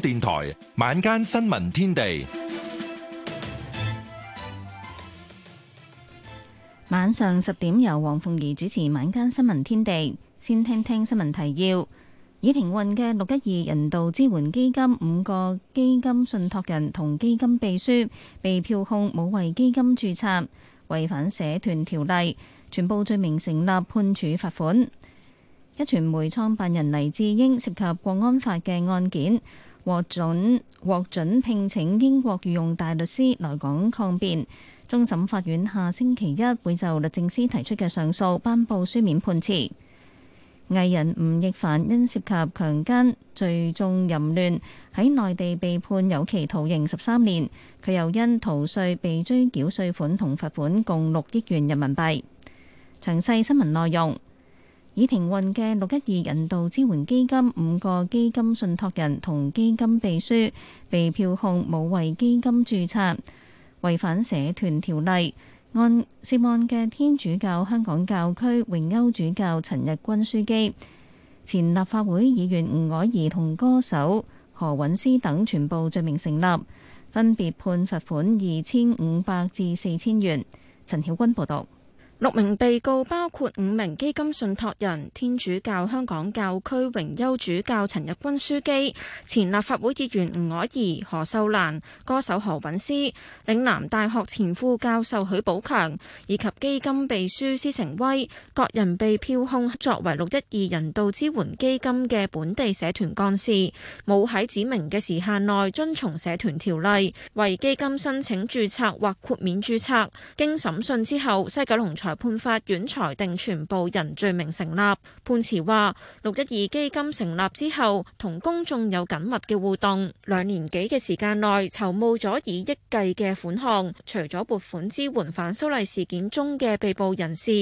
電台晚間新聞天地，晚上十點由黃鳳儀主持。晚間新聞天地先聽聽新聞提要：已停運嘅六一二人道支援基金五個基金信託人同基金秘書被票控冇為基金註冊，違反社團條例，全部罪名成立，判處罰款。一傳媒創辦人黎智英，涉及國安法嘅案件。獲准獲准聘請英國御用大律師來港抗辯。終審法院下星期一會就律政司提出嘅上訴頒布書面判詞。藝人吳亦凡因涉及強姦、罪中淫亂喺內地被判有期徒刑十三年，佢又因逃稅被追繳稅款同罰款共六億元人民幣。詳細新聞內容。已停運嘅六一二人道支援基金五個基金信託人同基金秘書被票控無為基金注冊違反社團條例，按涉案嘅天主教香港教區榮休主教陳日君樞機、前立法會議員吳靄儀同歌手何韻詩等全部罪名成立，分別判罰款二千五百至四千元。陳曉君報道。六名被告包括五名基金信託人、天主教香港教區榮休主教陳日君樞機，前立法會議員吳靄儀、何秀蘭、歌手何韻詩、嶺南大學前副教授許寶強以及基金秘書施成威，各人被票控作為六一二人道支援基金嘅本地社團幹事，冇喺指明嘅時限內遵從社團條例，為基金申請註冊或豁免註冊。經審訊之後，西九龍判法院裁定全部人罪名成立。判詞話：六一二基金成立之後，同公眾有緊密嘅互動，兩年幾嘅時間內籌募咗以億計嘅款項，除咗撥款支援反修例事件中嘅被捕人士，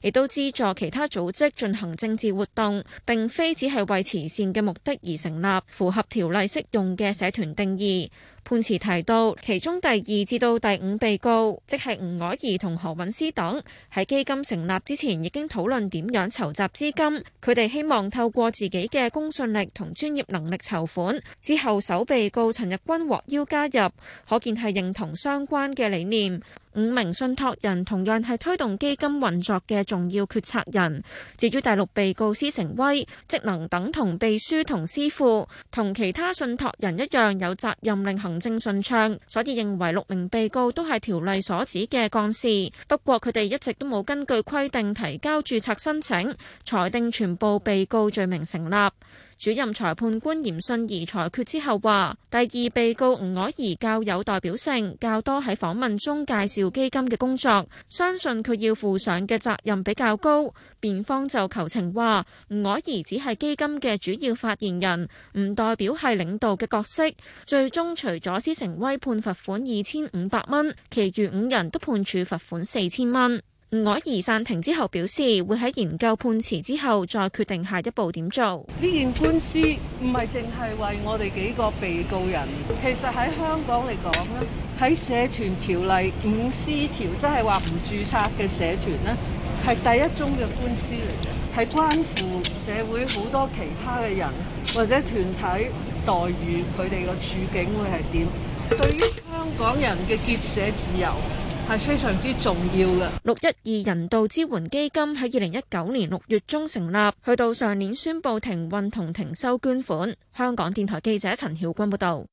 亦都資助其他組織進行政治活動，並非只係為慈善嘅目的而成立，符合條例適用嘅社團定義。判詞提到，其中第二至到第五被告，即係吳靄儀同何韻詩等，喺基金成立之前已經討論點樣籌集資金。佢哋希望透過自己嘅公信力同專業能力籌款。之後，首被告陳日君獲邀加入，可見係認同相關嘅理念。五名信託人同樣係推動基金運作嘅重要決策人。至於第六被告施成威，職能等同秘書同司庫，同其他信託人一樣有責任令行政順暢，所以認為六名被告都係條例所指嘅幹事。不過佢哋一直都冇根據規定提交注冊申請，裁定全部被告罪名成立。主任裁判官嚴信儀裁決之後話，第二被告吳靄儀較有代表性，較多喺訪問中介紹基金嘅工作，相信佢要負上嘅責任比較高。辯方就求情話，吳靄儀只係基金嘅主要發言人，唔代表係領導嘅角色。最終，除咗施成威判罰款二千五百蚊，其餘五人都判處罰款四千蚊。吳靄儀暫停之後表示，會喺研究判詞之後再決定下一步點做。呢件官司唔係淨係為我哋幾個被告人，其實喺香港嚟講咧，喺社團條例五 C 條，即係話唔註冊嘅社團咧，係第一宗嘅官司嚟嘅，係關乎社會好多其他嘅人或者團體待遇，佢哋個處境會係點？對於香港人嘅結社自由。係非常之重要嘅六一二人道支援基金喺二零一九年六月中成立，去到上年宣布停運同停收捐款。香港電台記者陳曉君報道，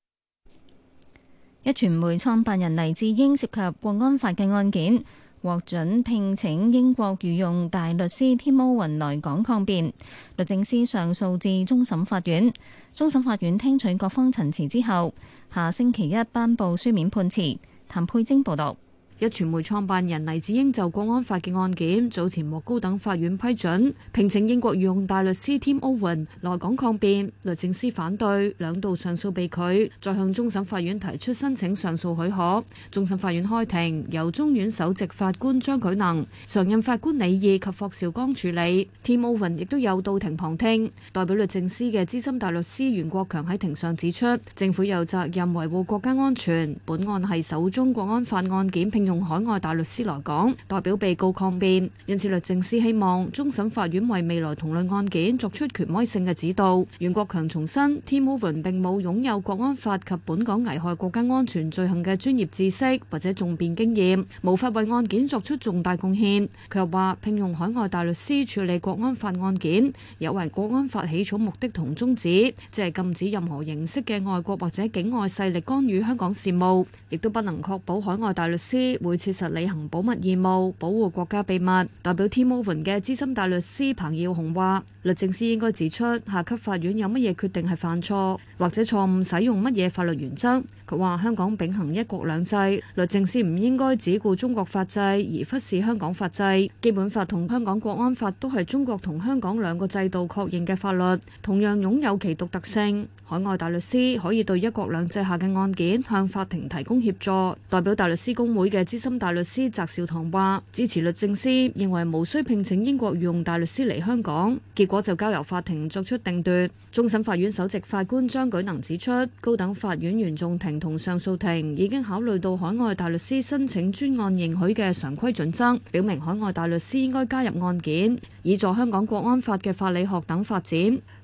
一傳媒創辦人黎智英涉及國安法嘅案件獲准聘請英國御用大律師添奧雲來港抗辯，律政司上訴至終審法院。終審法院聽取各方陳詞之後，下星期一頒布書面判詞。譚佩晶報道。一傳媒創辦人黎智英就國安法嘅案件，早前獲高等法院批准，聘請英國御用大律師 Tim Owen 來港抗辯，律政司反對，兩度上訴被拒，再向終審法院提出申請上訴許可。終審法院開庭，由中院首席法官張舉能、常任法官李義及霍兆剛處理。Tim Owen 亦都有到庭旁聽，代表律政司嘅資深大律師袁國強喺庭上指出，政府有責任維護國家安全，本案係首宗國安法案件，并。用海外大律師來講，代表被告抗辯。因此，律政司希望終審法院為未來同類案件作出權威性嘅指導。袁國強重申，Tim Owen 並冇擁有國安法及本港危害國家安全罪行嘅專業知識或者重辯經驗，無法為案件作出重大貢獻。佢又話，聘用海外大律師處理國安法案件，有違國安法起草目的同宗旨，即係禁止任何形式嘅外國或者境外勢力干預香港事務，亦都不能確保海外大律師。會切實履行保密義務，保護國家秘密。代表 Team Ocean 嘅資深大律師彭耀雄話。律政司應該指出下級法院有乜嘢決定係犯錯或者錯誤使用乜嘢法律原則。佢話香港秉行一國兩制，律政司唔應該只顧中國法制而忽視香港法制。基本法同香港國安法都係中國同香港兩個制度確認嘅法律，同樣擁有其獨特性。海外大律師可以對一國兩制下嘅案件向法庭提供協助。代表大律師公會嘅資深大律師翟少棠話：支持律政司認為無需聘請英國御用大律師嚟香港。結我就交由法庭作出定奪，終審法院首席法官張舉能指出，高等法院原訟庭同上訴庭已經考慮到海外大律師申請專案認許嘅常規準則，表明海外大律師應該加入案件，以助香港國安法嘅法理學等發展。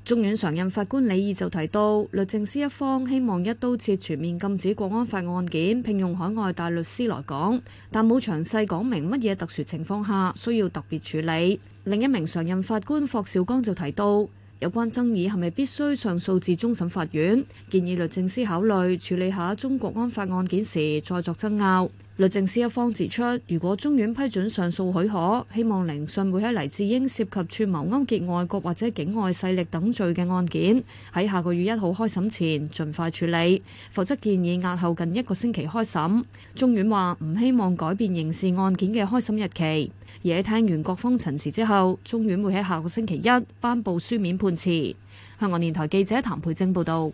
終院常任法官李義就提到，律政司一方希望一刀切全面禁止國安法案件聘用海外大律師來港，但冇詳細講明乜嘢特殊情況下需要特別處理。另一名常任法官霍兆剛就提到，有關爭議係咪必須上訴至終審法院，建議律政司考慮處理下中國安法案件時再作爭拗。律政司一方指出，如果中院批准上訴許可，希望聆訊會喺黎智英涉及串謀勾結外國或者境外勢力等罪嘅案件，喺下個月一號開審前盡快處理，否則建議押後近一個星期開審，中院話唔希望改變刑事案件嘅開審日期，而喺聽完各方陳詞之後，中院會喺下個星期一頒布書面判詞。香港電台記者譚佩貞報道。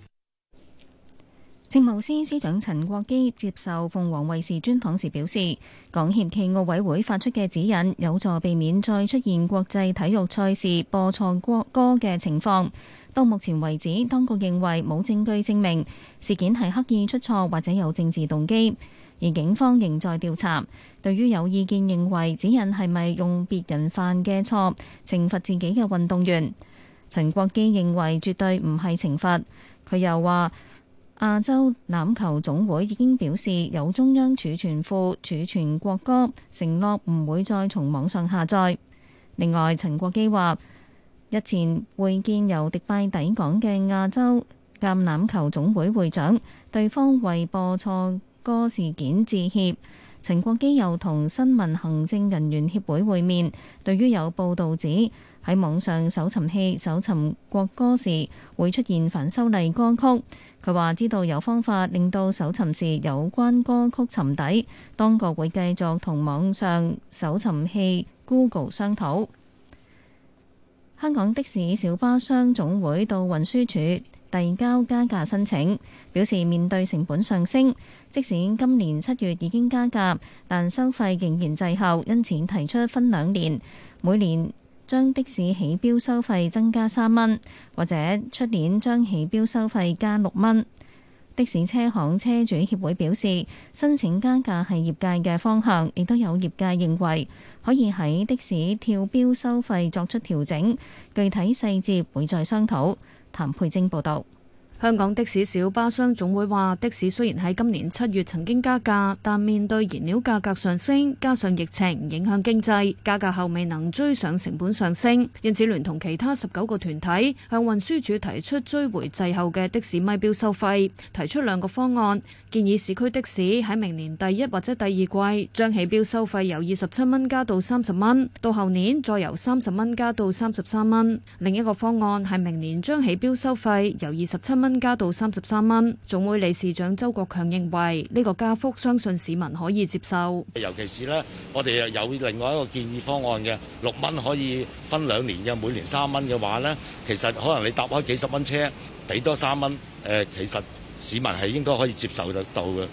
政務司司長陳國基接受鳳凰衛視專訪時表示，港協暨奧委會發出嘅指引，有助避免再出現國際體育賽事播錯歌嘅情況。到目前為止，當局認為冇證據證明事件係刻意出錯或者有政治動機，而警方仍在調查。對於有意見認為指引係咪用別人犯嘅錯懲罰自己嘅運動員，陳國基認為絕對唔係懲罰。佢又話。亞洲欖球總會已經表示有中央儲存庫儲存國歌，承諾唔會再從網上下載。另外，陳國基話，日前會見由迪拜抵港嘅亞洲橄欖球總會會長，對方為播錯歌事件致歉。陳國基又同新聞行政人員協會會面，對於有報導指，喺網上搜尋器搜尋國歌時，會出現反修例歌曲。佢話知道有方法令到搜尋時有關歌曲沉底，當局會繼續同網上搜尋器 Google 商討。香港的士小巴商總會到運輸署遞交加價申請，表示面對成本上升，即使今年七月已經加價，但收費仍然滯後，因此提出分兩年，每年。將的士起標收費增加三蚊，或者出年將起標收費加六蚊。的士車行車主協會表示，申請加價係業界嘅方向，亦都有業界認為可以喺的士跳標收費作出調整，具體細節會再商討。譚佩晶報導。香港的士小巴商總會話：的士雖然喺今年七月曾經加價，但面對燃料價格上升，加上疫情影響經濟，加價後未能追上成本上升，因此聯同其他十九個團體向運輸署提出追回滯後嘅的，的士咪標收費，提出兩個方案，建議市區的士喺明年第一或者第二季將起標收費由二十七蚊加到三十蚊，到後年再由三十蚊加到三十三蚊。另一個方案係明年將起標收費由二十七蚊增加到三十三蚊，總會理事長周國強認為呢個加幅，相信市民可以接受。尤其是呢，我哋又有另外一個建議方案嘅六蚊可以分兩年嘅，每年三蚊嘅話呢，其實可能你搭開幾十蚊車，俾多三蚊，誒，其實市民係應該可以接受得到嘅。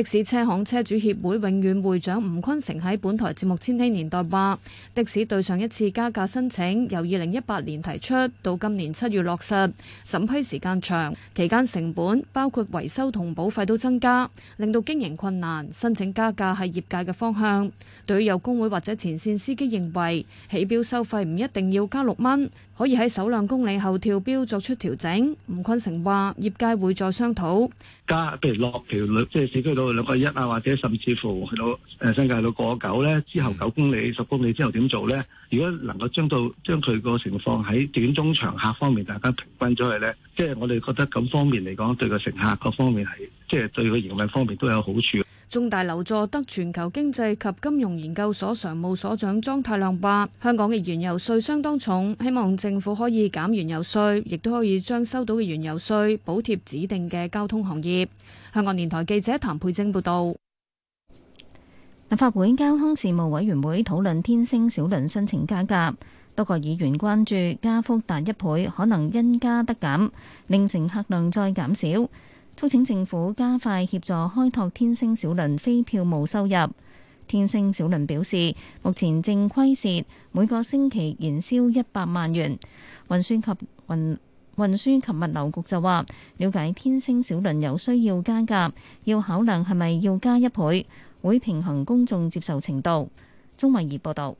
的士車行車主協會永遠會長吳坤成喺本台節目《千禧年代》話：的士對上一次加價申請由二零一八年提出，到今年七月落實，審批時間長，期間成本包括維修同保費都增加，令到經營困難。申請加價係業界嘅方向。對於有工會或者前線司機認為，起表收費唔一定要加六蚊。可以喺首兩公里後跳標作出調整。吳坤成話：業界會再商討加，譬如落條兩，即係市區到兩個一啊，或者甚至乎去到誒新界到過九咧。之後九公里、十公里之後點做咧？如果能夠將到將佢個情況喺短、中、長客方面大家平均咗去咧，即係我哋覺得咁方面嚟講，對個乘客各方面係即係對個營運方面都有好處。中大劉佐德全球經濟及金融研究所常務所長莊太量話，香港嘅原油稅相當重，希望政府可以減原油稅，亦都可以將收到嘅原油稅補貼指定嘅交通行業。香港電台記者譚佩晶報道，立法會交通事務委員會討論天星小輪申請加價，多個議員關注加幅達一倍，可能因加得減，令乘客量再減少。促請政府加快協助開拓天星小輪非票務收入。天星小輪表示，目前正虧蝕，每個星期燃燒一百萬元。運輸及運運輸及物流局就話，了解天星小輪有需要加價，要考量係咪要加一倍，會平衡公眾接受程度。鐘慧儀報道。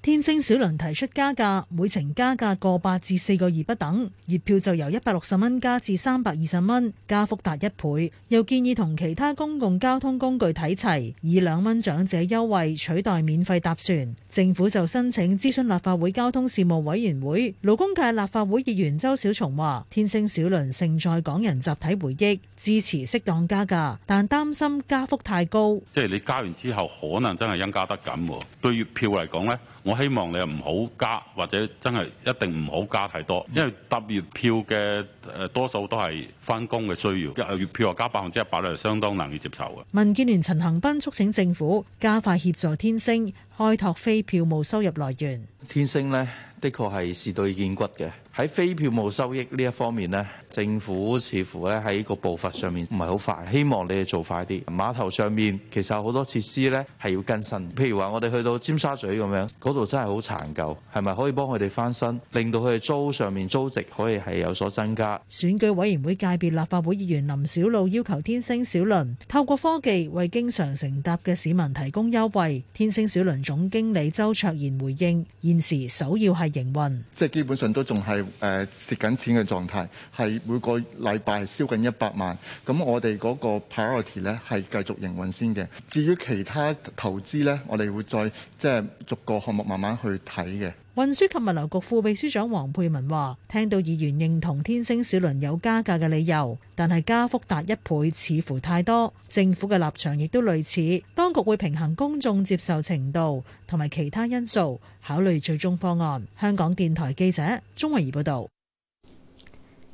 天星小輪提出加價，每程加價過百至四個二不等，月票就由一百六十蚊加至三百二十蚊，加幅達一倍。又建議同其他公共交通工具睇齊，以兩蚊長者優惠取代免費搭船。政府就申請諮詢立法會交通事務委員會。勞工界立法會議員周小松話，天星小輪盛載港人集體回憶，支持適當加價，但擔心加幅太高。即係你加完之後，可能真係因加得減喎。對月票嚟講呢。我希望你唔好加，或者真係一定唔好加太多，因為搭月票嘅，誒、呃、多數都係翻工嘅需要，一月票加百分之一百咧，就是，相當難以接受嘅。民建聯陳恒鑌促請政府加快協助天星開拓非票務收入來源，天星咧的確係是事到見骨嘅。喺非票務收益呢一方面咧，政府似乎咧喺個步伐上面唔係好快，希望你哋做快啲。碼頭上面其實有好多設施咧係要更新，譬如話我哋去到尖沙咀咁樣嗰度真係好殘舊，係咪可以幫佢哋翻新令到佢哋租上面租值可以係有所增加？選舉委員會界別立法會議員林筱魯要求天星小輪透過科技為經常乘搭嘅市民提供優惠。天星小輪總經理周卓賢回應，現時首要係營運，即係基本上都仲係。誒，蝕緊錢嘅狀態，係每個禮拜燒緊一百萬。咁我哋嗰個 priority 咧，係繼續營運先嘅。至於其他投資咧，我哋會再即係、就是、逐個項目慢慢去睇嘅。運輸及物流局副秘書長黃佩文話：聽到議員認同天星小輪有加價嘅理由，但係加幅達一倍似乎太多。政府嘅立場亦都類似，當局會平衡公眾接受程度同埋其他因素，考慮最終方案。香港電台記者鍾慧儀報道。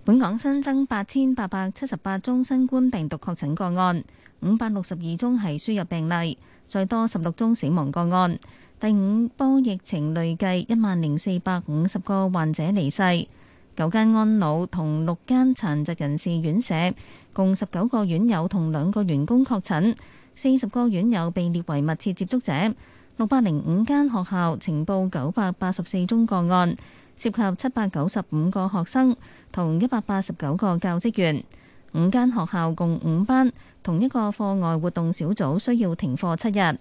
本港新增八千八百七十八宗新冠病毒確診個案，五百六十二宗係輸入病例，再多十六宗死亡個案。第五波疫情累計一萬零四百五十個患者離世，九間安老同六間殘疾人士院舍，共十九個院友同兩個員工確診，四十個院友被列為密切接觸者。六百零五間學校呈報九百八十四宗個案，涉及七百九十五個學生同一百八十九個教職員。五間學校共五班同一個課外活動小組需要停課七日。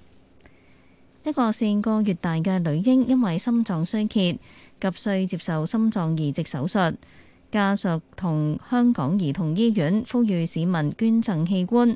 一個善個月大嘅女嬰，因為心臟衰竭，急需接受心臟移植手術。家屬同香港兒童醫院呼籲市民捐贈器官。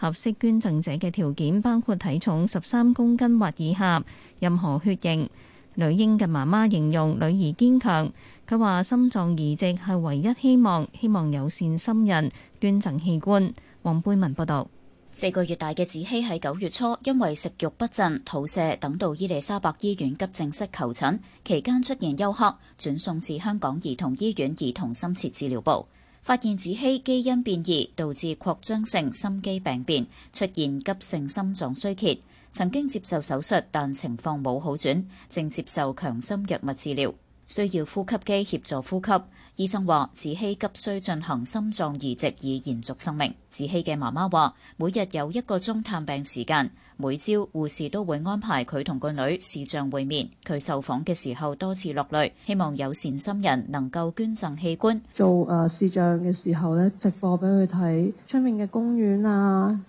合適捐贈者嘅條件包括體重十三公斤或以下，任何血型。女嬰嘅媽媽形容女兒堅強。佢話：心臟移植係唯一希望，希望有善心人捐贈器官。黃貝文報道。四個月大嘅子希喺九月初因為食慾不振、肚瀉等到伊利沙伯醫院急症室求診，期間出現休克，轉送至香港兒童醫院兒童深切治療部，發現子希基因變異導致擴張性心肌病變，出現急性心臟衰竭，曾經接受手術，但情況冇好轉，正接受強心藥物治療，需要呼吸機協助呼吸。醫生話：子希急需進行心臟移植以延續生命。子希嘅媽媽話，每日有一個鐘探病時間，每朝護士都會安排佢同個女視像會面。佢受訪嘅時候多次落淚，希望有善心人能夠捐贈器官。做誒視像嘅時候咧，直播俾佢睇出面嘅公園啊，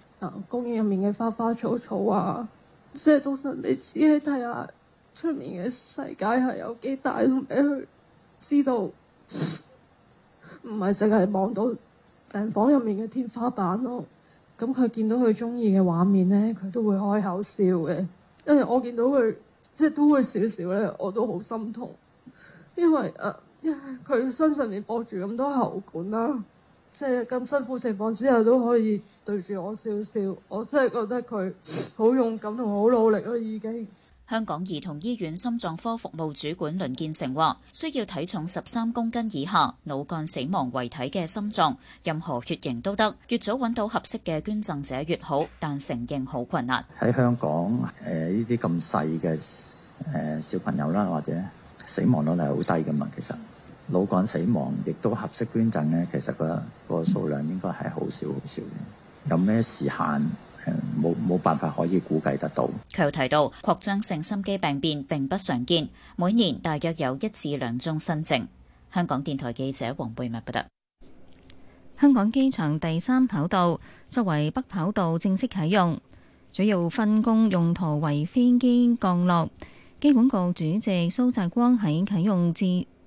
公園入面嘅花花草草啊，即係都想你子希睇下出面嘅世界係有幾大，同俾佢知道。唔係淨係望到病房入面嘅天花板咯，咁佢見到佢中意嘅畫面呢，佢都會開口笑嘅。因為我見到佢，即係都會少少咧，我都好心痛，因為誒，佢、啊、身上面播住咁多喉管啦，即係咁辛苦情況之下都可以對住我笑笑，我真係覺得佢好勇敢同好努力啊！已經。香港兒童醫院心臟科服務主管輪建成話，需要體重十三公斤以下、腦幹死亡遺體嘅心臟，任何血型都得，越早揾到合適嘅捐贈者越好，但承認好困難。喺香港，誒呢啲咁細嘅誒小朋友啦，或者死亡率係好低㗎嘛，其實腦幹死亡亦都合適捐贈咧，其實、個個數量應該係好少好少嘅。有咩時限？冇冇辦法可以估計得到。佢又提到擴張性心肌病變並不常見，每年大約有一至兩宗新症。香港電台記者黃貝密報道。香港機場第三跑道作為北跑道正式啟用，主要分工用途為飛機降落。機管局主席蘇澤光喺啟用至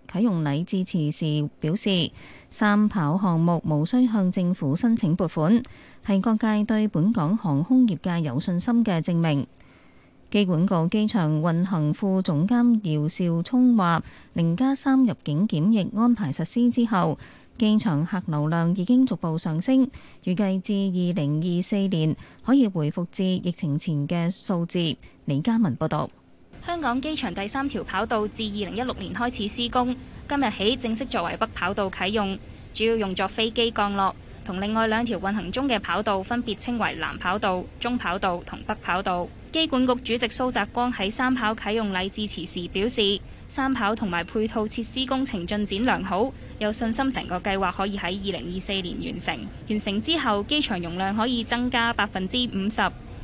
啟用禮致辭時表示，三跑項目無需向政府申請撥款。係各界對本港航空業界有信心嘅證明。機管局機場運行副總監姚兆聰話：零加三入境檢疫安排實施之後，機場客流量已經逐步上升，預計至二零二四年可以回復至疫情前嘅數字。李嘉文報導。香港機場第三條跑道自二零一六年開始施工，今日起正式作為北跑道啟用，主要用作飛機降落。同另外兩條運行中嘅跑道分別稱為南跑道、中跑道同北跑道。機管局主席蘇澤光喺三跑啟用禮致辭時表示，三跑同埋配套設施工程進展良好，有信心成個計劃可以喺二零二四年完成。完成之後，機場容量可以增加百分之五十，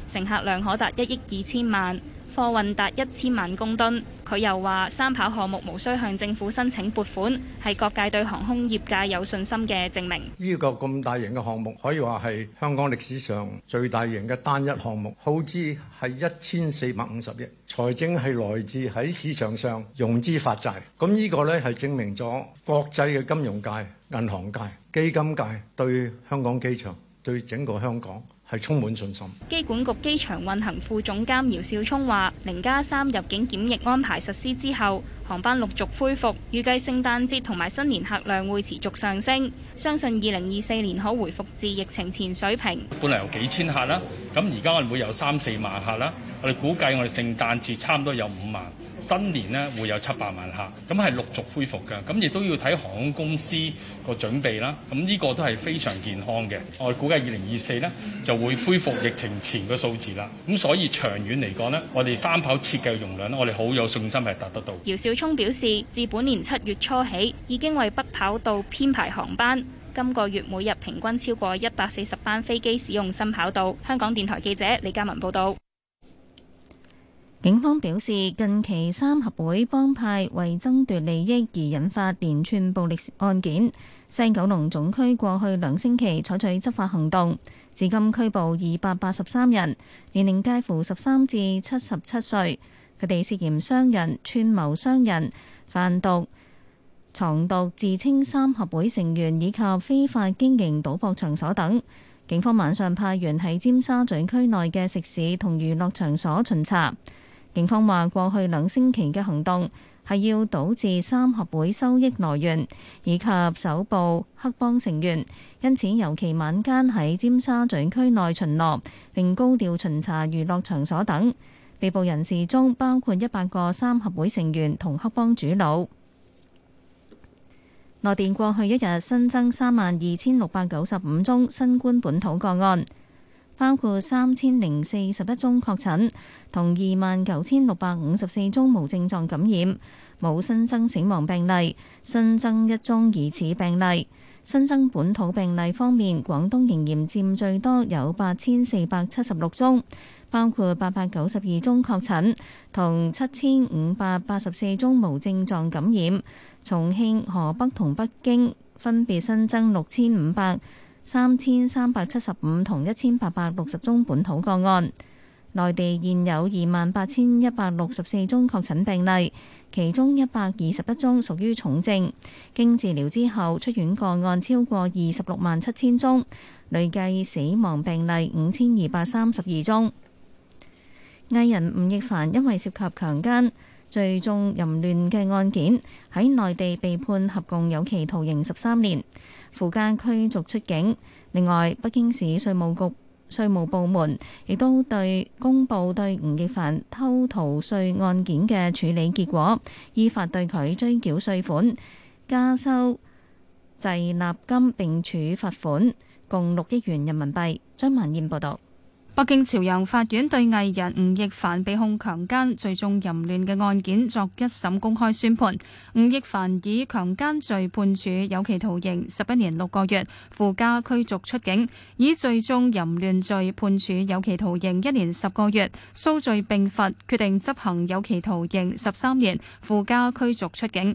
乘客量可達一億二千萬，貨運達一千萬公噸。佢又話：三跑項目無需向政府申請撥款，係各界對航空業界有信心嘅證明。呢個咁大型嘅項目，可以話係香港歷史上最大型嘅單一項目，耗資係一千四百五十億，財政係來自喺市場上融資發債。咁呢個呢，係證明咗國際嘅金融界、銀行界、基金界對香港機場、對整個香港。係充滿信心。機管局機場運行副總監姚少聰話，零加三入境檢疫安排實施之後。航班陸續恢復，預計聖誕節同埋新年客量會持續上升，相信二零二四年可恢復至疫情前水平。本嚟有幾千客啦，咁而家我哋會有三四萬客啦。我哋估計我哋聖誕節差唔多有五萬，新年呢會有七百萬客，咁係陸續恢復㗎。咁亦都要睇航空公司個準備啦。咁、這、呢個都係非常健康嘅。我哋估計二零二四呢就會恢復疫情前個數字啦。咁所以長遠嚟講呢，我哋三跑設計容量呢，我哋好有信心係達得到。聰表示，自本年七月初起，已經為北跑道編排航班。今個月每日平均超過一百四十班飛機使用新跑道。香港電台記者李嘉文報道。警方表示，近期三合會幫派為爭奪利益而引發連串暴力案件。西九龍總區過去兩星期採取執法行動，至今拘捕二百八十三人，年齡介乎十三至七十七歲。佢哋涉嫌傷人、串謀傷人、販毒、藏毒、自稱三合會成員以及非法經營賭博場所等。警方晚上派員喺尖沙咀區內嘅食肆同娛樂場所巡查。警方話，過去兩星期嘅行動係要堵截三合會收益來源以及首部黑幫成員，因此尤其晚間喺尖沙咀區內巡邏並高調巡查娛樂場所等。被捕人士中包括一百個三合會成員同黑幫主腦。內地過去一日新增三萬二千六百九十五宗新冠本土個案，包括三千零四十一宗確診同二萬九千六百五十四宗無症狀感染，冇新增死亡病例，新增一宗疑似病例。新增本土病例方面，廣東仍然佔最多，有八千四百七十六宗。包括八百九十二宗確診，同七千五百八十四宗無症狀感染。重慶、河北同北京分別新增六千五百三千三百七十五同一千八百六十宗本土個案。內地現有二萬八千一百六十四宗確診病例，其中一百二十一宗屬於重症。經治療之後出院個案超過二十六萬七千宗，累計死亡病例五千二百三十二宗。藝人吳亦凡因為涉及強姦、聚眾淫亂嘅案件，喺內地被判合共有期徒刑十三年，附加驅逐出境。另外，北京市稅務局稅務部門亦都對公布對吳亦凡偷逃稅案件嘅處理結果，依法對佢追繳稅款、加收滯納金並處罰款，共六億元人民幣。張文燕報道。北京朝陽法院對藝人吳亦凡被控強姦、聚眾淫亂嘅案件作一審公開宣判，吳亦凡以強姦罪判處有期徒刑十一年六個月，附加驅逐出境；以聚眾淫亂罪判處有期徒刑一年十個月，數罪併罰，決定執行有期徒刑十三年，附加驅逐出境。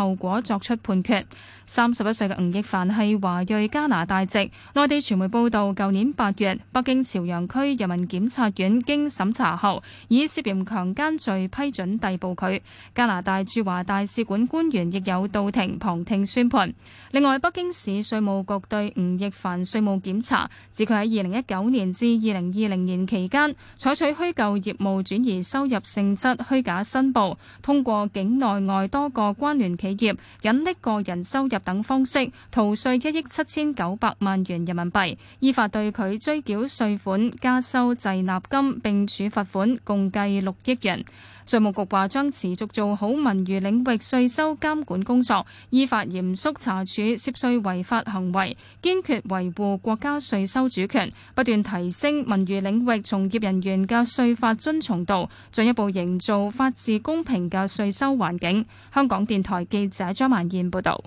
後果作出判決。三十一歲嘅吳亦凡係華裔加拿大籍。內地傳媒報道，舊年八月，北京朝陽區人民檢察院經審查後，以涉嫌強姦罪批准逮捕佢。加拿大駐華大使館官員亦有到庭旁聽宣判。另外，北京市稅務局對吳亦凡稅務檢查，指佢喺二零一九年至二零二零年期間，採取虛構業務轉移收入性質、虛假申報，通過境內外多個關聯企業隱匿個人收入。等方式逃稅一億七千九百萬元人民幣，依法對佢追繳稅款、加收滯納金，並處罰款，共計六億元。稅務局話將持續做好文娛領域稅收監管工作，依法嚴肅查處涉稅違法行為，堅決維護國家稅收主權，不斷提升文娛領域從業人員嘅稅法遵從度，進一步營造法治公平嘅稅收環境。香港電台記者張曼燕報道。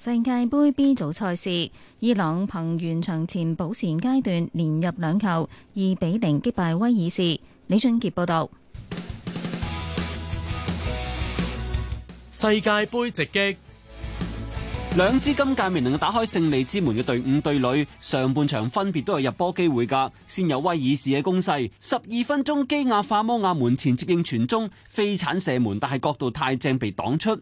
世界杯 B 組賽事，伊朗憑完場前補時階段連入兩球，二比零擊敗威爾士。李俊傑報道。世界杯直擊，兩支今屆未能打開勝利之門嘅隊伍對壘，上半場分別都有入波機會噶。先有威爾士嘅攻勢，十二分鐘基亞化摩亞門前接應傳中，飛鏟射門，但係角度太正被擋出。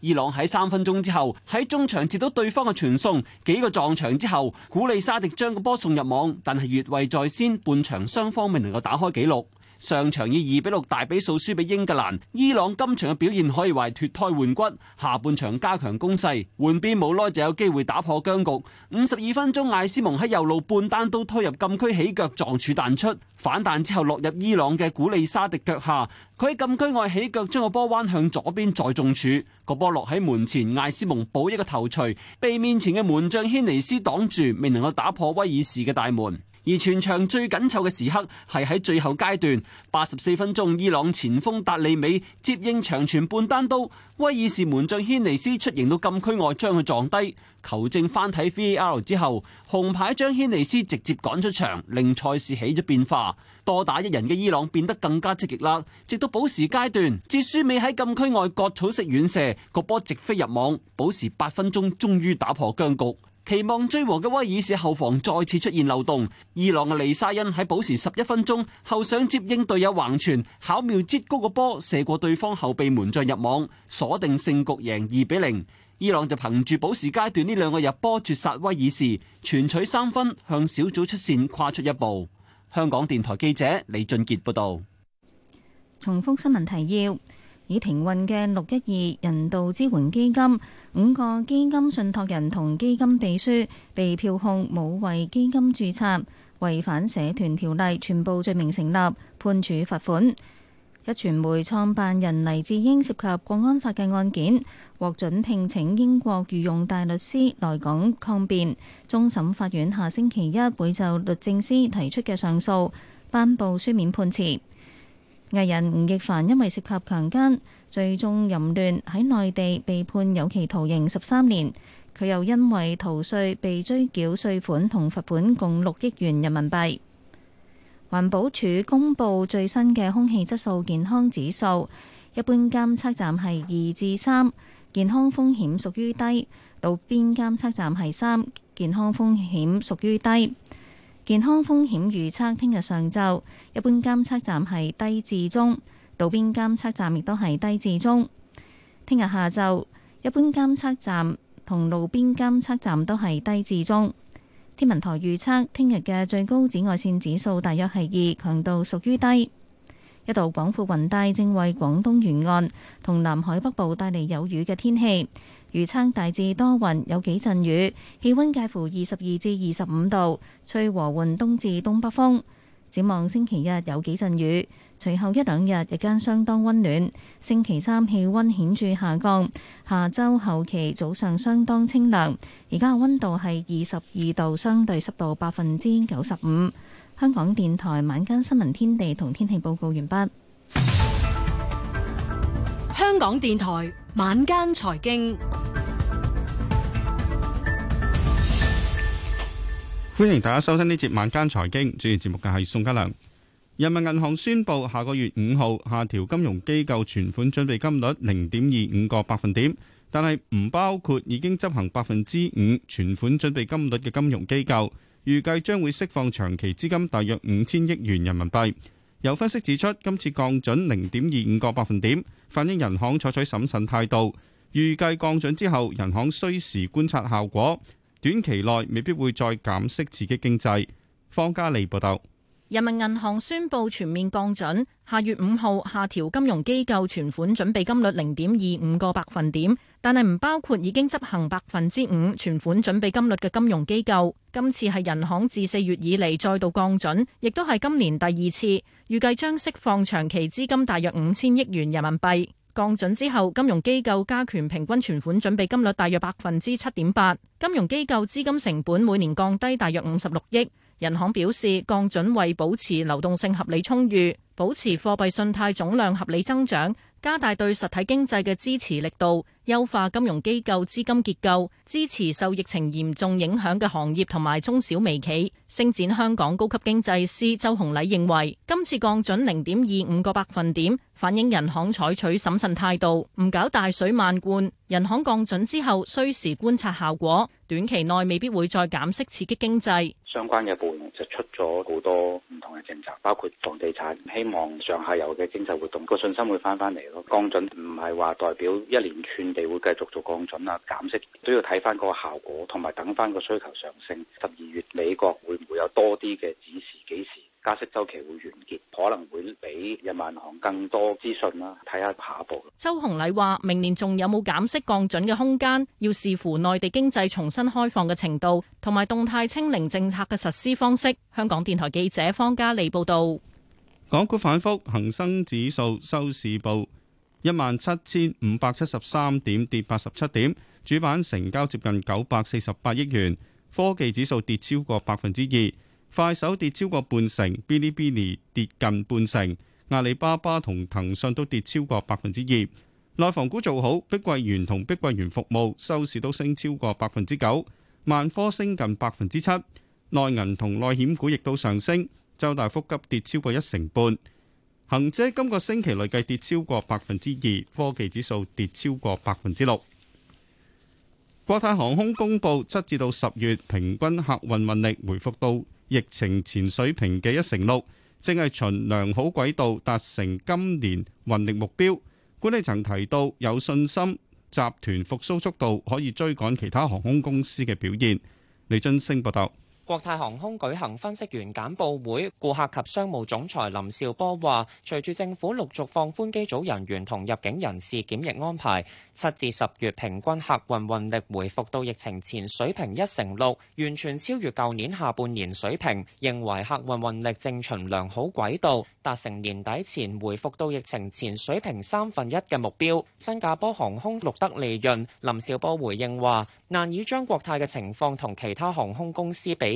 伊朗喺三分鐘之後，喺中場接到對方嘅傳送，幾個撞牆之後，古利沙迪將個波送入網，但係越位在先，半場雙方未能夠打開紀錄。上場以二比六大比數輸俾英格蘭，伊朗今場嘅表現可以話脫胎換骨，下半場加強攻勢，換邊冇耐就有機會打破僵局。五十二分鐘，艾斯蒙喺右路半單刀推入禁區，起腳撞柱彈出，反彈之後落入伊朗嘅古利沙迪腳下，佢喺禁區外起腳將個波彎向左邊再中柱，個波落喺門前，艾斯蒙補一個頭錘，被面前嘅門將軒尼斯擋住，未能夠打破威爾士嘅大門。而全場最緊湊嘅時刻係喺最後階段，八十四分鐘，伊朗前鋒達利美接應長傳半單刀，威爾士門將軒尼斯出營到禁區外將佢撞低，球證翻睇 VAR 之後，紅牌將軒尼斯直接趕出場，令賽事起咗變化。多打一人嘅伊朗變得更加積極啦，直到補時階段，哲舒美喺禁區外割草式遠射，個波直飛入網，補時八分鐘終於打破僵局。期望追和嘅威爾士後防再次出現漏洞，伊朗嘅利沙恩喺補時十一分鐘後上接應隊友橫傳，巧妙接高個波射過對方後備門將入網，鎖定勝局，贏二比零。伊朗就憑住補時階段呢兩個入波絕殺威爾士，全取三分，向小組出線跨出一步。香港電台記者李俊杰報道。重複新聞提要。已停運嘅六一二人道支援基金，五個基金信託人同基金秘書被票控冇為基金注冊違反社團條例，全部罪名成立，判處罰款。一傳媒創辦人黎智英涉及國安法嘅案件，獲准聘請英國御用大律師來港抗辯，終審法院下星期一會就律政司提出嘅上訴，頒布書面判詞。藝人吳亦凡因為涉及強姦、聚眾淫亂，喺內地被判有期徒刑十三年。佢又因為逃稅被追繳稅款同罰款共六億元人民幣。環保署公布最新嘅空氣質素健康指數，一般監測站係二至三，健康風險屬於低；路邊監測站係三，健康風險屬於低。健康風險預測：聽日上晝，一般監測站係低至中，路邊監測站亦都係低至中。聽日下晝，一般監測站同路邊監測站都係低至中。天文台預測，聽日嘅最高紫外線指數大約係二，強度屬於低。一道廣闊雲帶正為廣東沿岸同南海北部帶嚟有雨嘅天氣。預測大致多雲，有幾陣雨，氣溫介乎二十二至二十五度，吹和緩東至東北風。展望星期日有幾陣雨，隨後一兩日日間相當溫暖。星期三氣溫顯著下降，下周後期早上相當清涼。而家嘅溫度係二十二度，相對濕度百分之九十五。香港電台晚間新聞天地同天氣報告完畢。香港電台晚間財經。歡迎大家收聽呢節晚間財經，主持節目嘅係宋家良。人民銀行宣佈下個月五號下調金融機構存款準備金率零點二五個百分點，但係唔包括已經執行百分之五存款準備金率嘅金融機構。預計將會釋放長期資金大約五千億元人民幣。有分析指出，今次降準零點二五個百分點，反映人行採取審慎態度。預計降準之後，人行需時觀察效果。短期內未必會再減息刺激經濟。方家利報道，人民銀行宣布全面降準，下月五號下調金融機構存款準備金率零點二五個百分點，但係唔包括已經執行百分之五存款準備金率嘅金融機構。今次係銀行自四月以嚟再度降準，亦都係今年第二次，預計將釋放長期資金大約五千億元人民幣。降準之後，金融機構加權平均存款準備金率大約百分之七點八，金融機構資金成本每年降低大約五十六億。人行表示，降準為保持流動性合理充裕，保持貨幣信貸總量合理增長，加大對實體經濟嘅支持力度。優化金融機構資金結構，支持受疫情嚴重影響嘅行業同埋中小微企，星展香港高級經濟師周洪禮認為，今次降準零點二五個百分點，反映人行採取審慎態度，唔搞大水漫灌。人行降準之後，需時觀察效果，短期內未必會再減息刺激經濟。相關嘅部門就出咗好多唔同嘅政策，包括房地產，希望上下游嘅經濟活動個信心會翻翻嚟咯。降準唔係話代表一連串。你會繼續做降準啊、減息，都要睇翻嗰個效果，同埋等翻個需求上升。十二月美國會唔會有多啲嘅指示？幾時加息週期會完結？可能會比人民銀行更多資訊啦，睇下下一步。周洪禮話：明年仲有冇減息降準嘅空間？要視乎內地經濟重新開放嘅程度，同埋動態清零政策嘅實施方式。香港電台記者方嘉利報道。港股反覆，恒生指數收市報。一萬七千五百七十三點，跌八十七點，主板成交接近九百四十八億元。科技指數跌超過百分之二，快手跌超過半成，嗶哩嗶哩跌近半成，阿里巴巴同騰訊都跌超過百分之二。內房股做好，碧桂園同碧桂園服務收市都升超過百分之九，萬科升近百分之七。內銀同內險股亦都上升，周大福急跌超過一成半。恒指今個星期累計跌超過百分之二，科技指數跌超過百分之六。國泰航空公布，七至到十月平均客運運力回復到疫情前水平嘅一成六，正係循良好軌道達成今年運力目標。管理層提到有信心集團復甦速度可以追趕其他航空公司嘅表現。李俊升報道。國泰航空舉行分析員簡報會，顧客及商務總裁林紹波話：隨住政府陸續放寬機組人員同入境人士檢疫安排，七至十月平均客運運力回復到疫情前水平一成六，完全超越舊年下半年水平，認為客運運力正循良好軌道，達成年底前回復到疫情前水平三分一嘅目標。新加坡航空錄得利潤，林紹波回應話：難以將國泰嘅情況同其他航空公司比。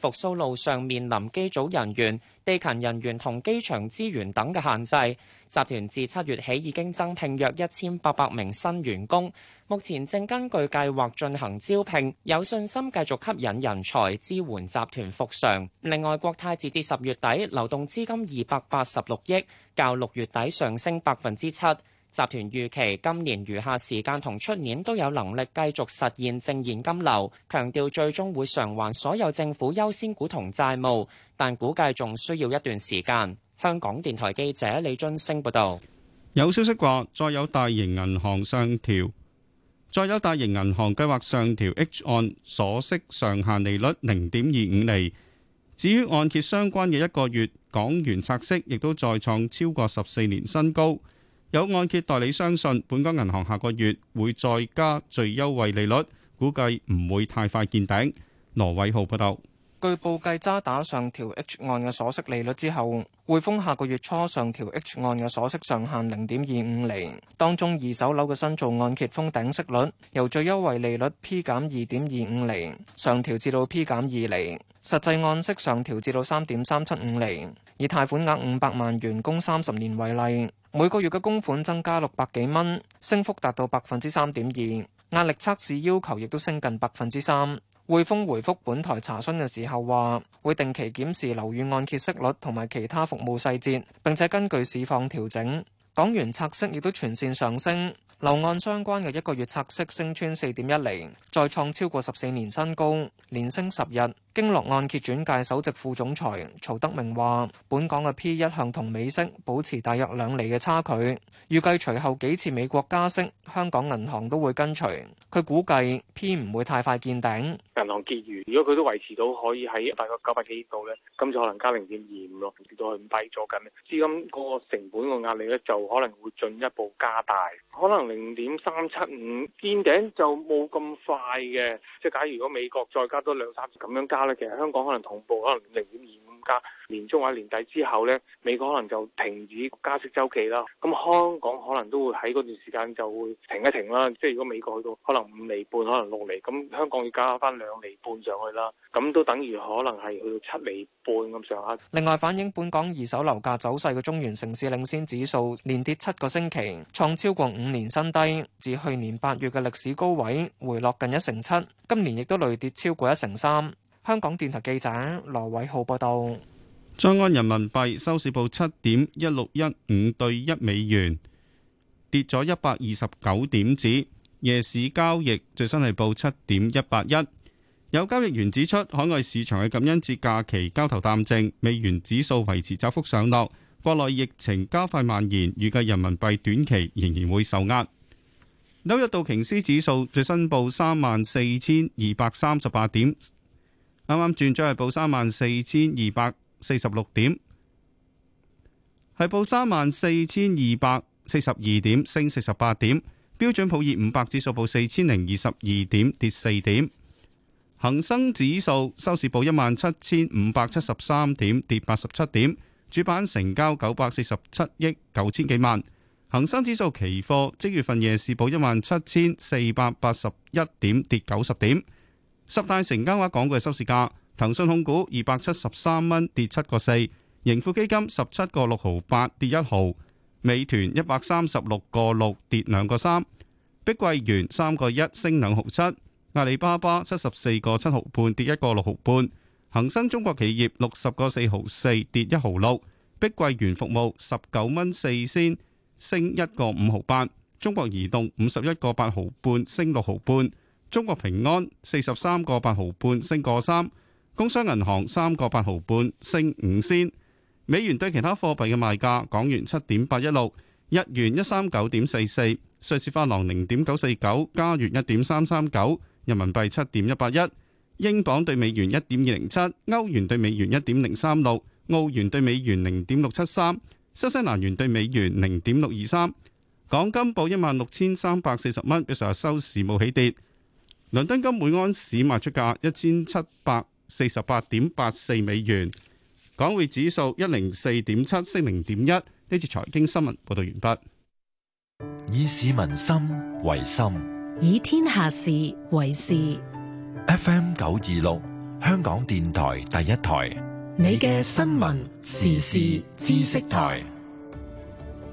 復蘇路上面臨機組人員、地勤人員同機場資源等嘅限制。集團自七月起已經增聘約一千八百名新員工，目前正根據計劃進行招聘，有信心繼續吸引人才支援集團復常。另外，國泰截至十月底，流動資金二百八十六億，較六月底上升百分之七。集團預期今年餘下時間同出年都有能力繼續實現正現金流，強調最終會償還所有政府優先股同債務，但估計仲需要一段時間。香港電台記者李津升報導。有消息話，再有大型銀行上調，再有大型銀行計劃上調 H 按鎖息上限利率零點二五厘。至於按揭相關嘅一個月港元拆息，亦都再創超過十四年新高。有按揭代理相信，本港銀行下個月會再加最優惠利率，估計唔會太快見頂。羅偉浩報道，據報計渣打上調 H 按嘅鎖息利率之後，匯豐下個月初上調 H 按嘅鎖息上限零點二五厘。當中二手樓嘅新造按揭封頂息率由最優惠利率 P 減二點二五厘上調至到 P 減二厘，實際按息上調至到三點三七五厘。以貸款額五百萬元供三十年為例。每個月嘅供款增加六百幾蚊，升幅達到百分之三點二，壓力測試要求亦都升近百分之三。匯豐回覆本台查詢嘅時候話，會定期檢視樓宇按揭息率同埋其他服務細節，並且根據市況調整。港元拆息亦都全線上升，樓按相關嘅一個月拆息升穿四點一零，再創超過十四年新高，連升十日。經絡按揭轉介首席副總裁曹德明話，本港嘅 P 一向同美息保持大約兩厘嘅差距，預計隨後幾次美國加息，香港銀行都會跟隨。佢估計 P 唔會太快見頂。銀行結餘如果佢都維持到可以喺大約九百幾度咧，咁就可能加零點二五咯，跌到去唔低咗緊，資金嗰個成本個壓力咧就可能會進一步加大，可能零點三七五見頂就冇咁快嘅。即係假如如果美國再加多兩三次咁樣加。其實香港可能同步可能零點二五加，年中或者年底之後咧，美國可能就停止加息周期啦。咁香港可能都會喺嗰段時間就會停一停啦。即係如果美國去到可能五厘半，可能六厘，咁香港要加翻兩厘半上去啦。咁都等於可能係去到七厘半咁上下。另外反映本港二手樓價走勢嘅中原城市領先指數連跌七個星期，創超過五年新低，自去年八月嘅歷史高位回落近一成七，今年亦都累跌超過一成三。香港電台記者羅偉浩報道。在岸人民幣收市報七點一六一五兌一美元，跌咗一百二十九點指，指夜市交易最新係報七點一八一。有交易員指出，海外市場嘅感恩節假期交投淡靜，美元指數維持窄幅上落。國內疫情加快蔓延，預計人民幣短期仍然會受壓。紐約道瓊斯指數最新報三萬四千二百三十八點。啱啱轉咗係報三萬四千二百四十六點，係報三萬四千二百四十二點，升四十八點。標準普爾五百指數報四千零二十二點，跌四點。恒生指數收市報一萬七千五百七十三點，跌八十七點。主板成交九百四十七億九千幾萬。恒生指數期貨即月份夜市報一萬七千四百八十一點，跌九十點。十大成交額港股收市價：騰訊控股二百七十三蚊，跌七個四；盈富基金十七個六毫八，跌一毫；美團一百三十六個六，跌兩個三；碧桂園三個一，升兩毫七；阿里巴巴七十四個七毫半，跌一個六毫半；恒生中國企業六十個四毫四，跌一毫六；碧桂園服務十九蚊四仙，升一個五毫八；中國移動五十一個八毫半，升六毫半。中國平安四十三個八毫半，升個三。工商銀行三個八毫半，升五仙。美元對其他貨幣嘅賣價：港元七點八一六，日元一三九點四四，瑞士法郎零點九四九，加元一點三三九，人民幣七點一八一，英鎊兌美元一點二零七，歐元兌美元一點零三六，澳元兌美元零點六七三，新西蘭元兌美元零點六二三。港金報一萬六千三百四十蚊，一成日收市冇起跌。倫敦金每盎司賣出價一千七百四十八點八四美元，港匯指數一零四點七升零點一。呢次財經新聞報道完畢。以市民心為心，以天下事為事。F M 九二六，香港電台第一台，你嘅新聞時事知識台，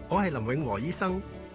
我係林永和醫生。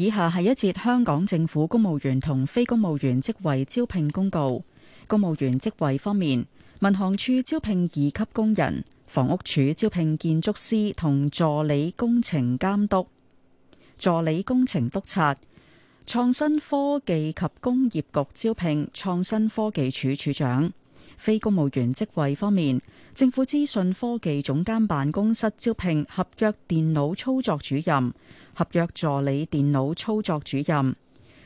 以下係一節香港政府公務員同非公務員職位招聘公告。公務員職位方面，民航處招聘二級工人，房屋署招聘建築師同助理工程監督、助理工程督察；創新科技及工業局招聘創新科技處處長。非公務員職位方面，政府資訊科技總監辦公室招聘合約電腦操作主任。合約助理電腦操作主任，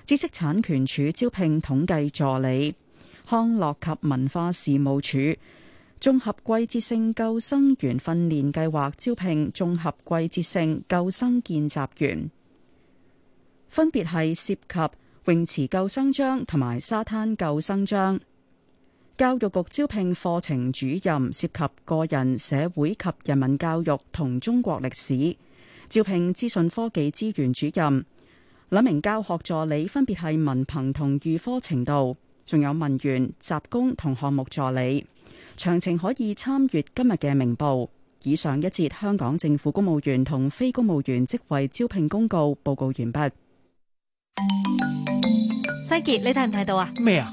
知識產權署招聘統計助理，康樂及文化事務署綜合季節性救生員訓練計劃招聘綜合季節性救生見習員，分別係涉及泳池救生章同埋沙灘救生章。教育局招聘課程主任，涉及個人、社會及人民教育同中國歷史。招聘資訊科技資源主任，兩名教學助理分別係文憑同預科程度，仲有文員、雜工同項目助理。詳情可以參閱今日嘅明報。以上一節香港政府公務員同非公務員職位招聘公告。報告完畢。西傑，你睇唔睇到啊？咩啊？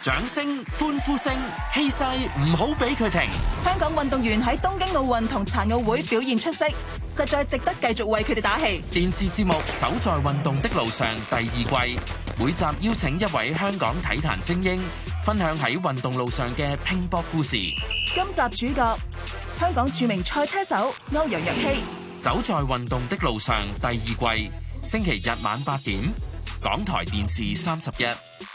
掌聲、歡呼聲、氣勢，唔好俾佢停。香港運動員喺東京奧運同殘奧會表現出色，實在值得繼續為佢哋打氣。電視節目《走在運動的路上》第二季，每集邀請一位香港體壇精英，分享喺運動路上嘅拼搏故事。今集主角香港著名賽車手歐陽若曦。走在運動的路上第二季，星期日晚八點，港台電視三十一。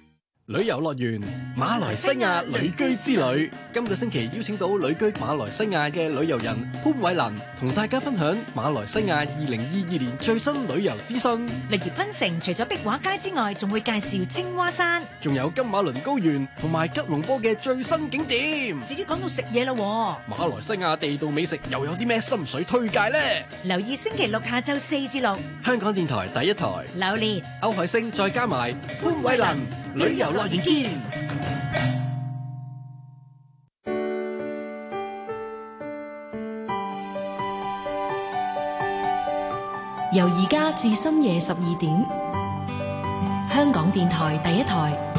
旅遊樂園馬來西亞旅居之旅，今個星期邀請到旅居馬來西亞嘅旅遊人潘偉林，同大家分享馬來西亞二零二二年最新旅遊資訊。例如檳城除咗壁畫街之外，仲會介紹青蛙山，仲有金馬倫高原同埋吉隆坡嘅最新景點。至於講到食嘢啦，馬來西亞地道美食又有啲咩心水推介呢？留意星期六下晝四至六，香港電台第一台榴蓮歐海星再加埋潘偉林。旅遊樂園見。由而家至深夜十二點，香港電台第一台。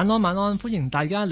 晚安，晚安，歡迎大家。